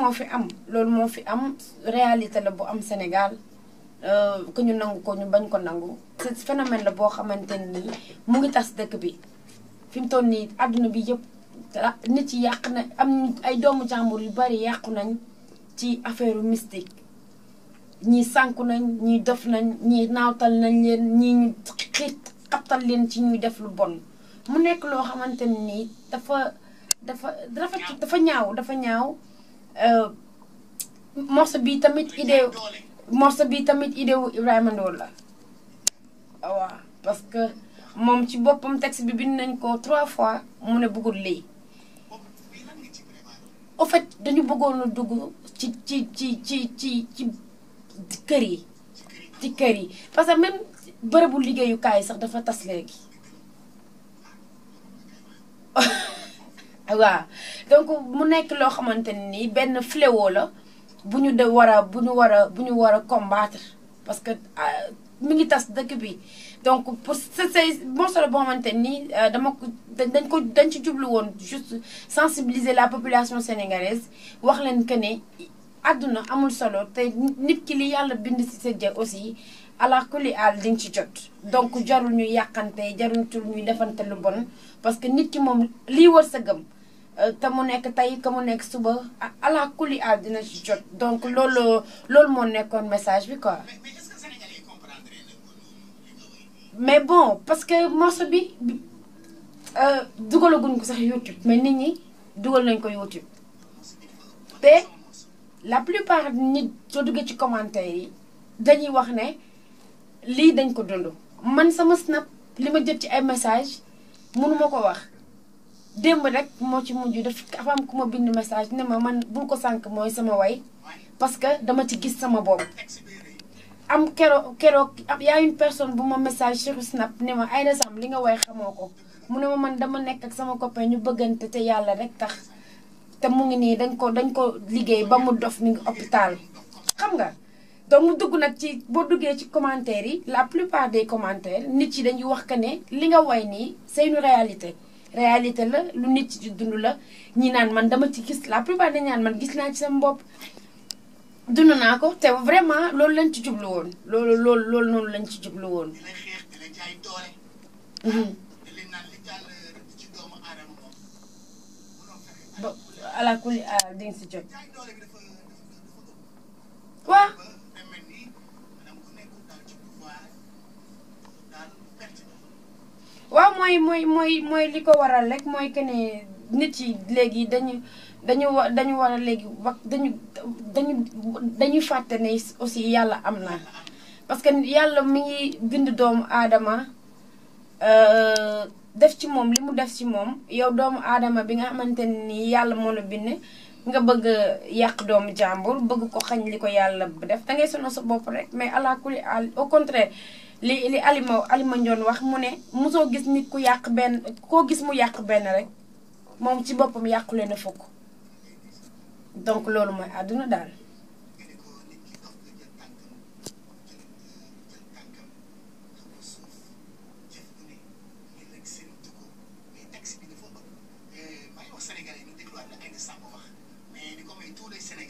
mo fi am loolu mo fi am réalité la bu am Sénégal euh, ko ñu nang ko ñu bañ ko ce phénomène la bo xamanteni ni mu ngi tass dekk bi fim ton ni aduna bi yépp nit ci yaq na am ay doomu jambour yu bari yàqu nañ ci affaire mystique ñi sanku nañ ñi def nañ ñi nawtal nañ leen ñi ñu xiit xaptal leen ci ñuy def lu bon mu nekk loo xamante ni dafa dafa dafa dafa ñaaw dafa ñaaw. Euh, morso bi tamit idée morso bi tamit idée wu Ibrahima la waaw parce que moom ci boppam texte bi bind nañ ko trois fois mu ne bëggul lii au dañu bëggoon a dugg ci ci ci ci ci ci kër yi ci kër yi parce que bërëbu liggéeyukaay sax dafa tas léegi waaw donc mu nekk loo xamante ne nii fléau la bu ñu de war a bu combattre parce que euh, mi ngi tass dëkk bi donc pour sa say morceau la boo xamante nii euh, dama ko dañ ko dañ ci jublu woon juste sensibiliser la population sénégalaise wax leen que ne àdduna amul solo te nit ki li yàlla bind si sa jë aussi ala kulli aal di nga ci jot. donc jarul ñu yàqante jarul ñu defante lu bon parce que nit ki moom lii war sa gëm. Euh, te nek tay tey ka mu suba ala kulli adina ci jot donc lolo loolu mo nekkoon message bi quoi. mais bon parce que morceau bi euh dougalougnou ko sax YouTube mais nit ñi dougal nañ ko YouTube te la plupart nit so duggee ci commentaire yi dañuy wax né li dañ ko dund man sama snap lima ma jot ci ay message mënu mako wax. démb rek moo ci mujj daf am ku ma bind message ne ma man bul ko sànq mooy sama way parce que dama ci gis sama bopp. am keroog keroog yaa une personne bu ma message sur snap ne ma Aïda Samb li nga way xamoo ko mu ne ma man dama nekk ak sama copain ñu bëggante te yàlla rek tax te mu ngi nii dañ ko dañ ko liggéey ba mu dof mu ngi hôpital xam nga donc mu dugg nag ci boo duggee ci commentaires yi la plupart des commentaires nit yi dañuy wax que ne li nga way nii c'est une réalité réalité la lu nit ci di dund la ñi naan man dama ci gis la plupart dañ naan man gis naa ci seen bopp dund naa ko te vraiment loolu lañ ci jublu woon loolu loolu noonu lañ ci jublu woon mhm. ba alaa kulli aal di nga si jot Moy moy moy moy liko waral rek moy ke ne nit yi legui dañu dañu dañu war legui dañu dañu dañu dañuy ne aussi yalla amna parce que yalla mi ngi bind adama euh def ci mom limu def ci mom yow doomu adama bi nga xamanteni ni yalla mo bind nga bëgg yaq dom jambour bëgg ko xagn liko yalla def da ngay sonu sa bop rek mais kulli au contraire. li li Alima Alima Ndione wax mu ne mosoo gis nit ku yàq benn koo gis mu yàq benn rek moom ci boppam leen a fukk donc loolu mooy àdduna daal. Sénégal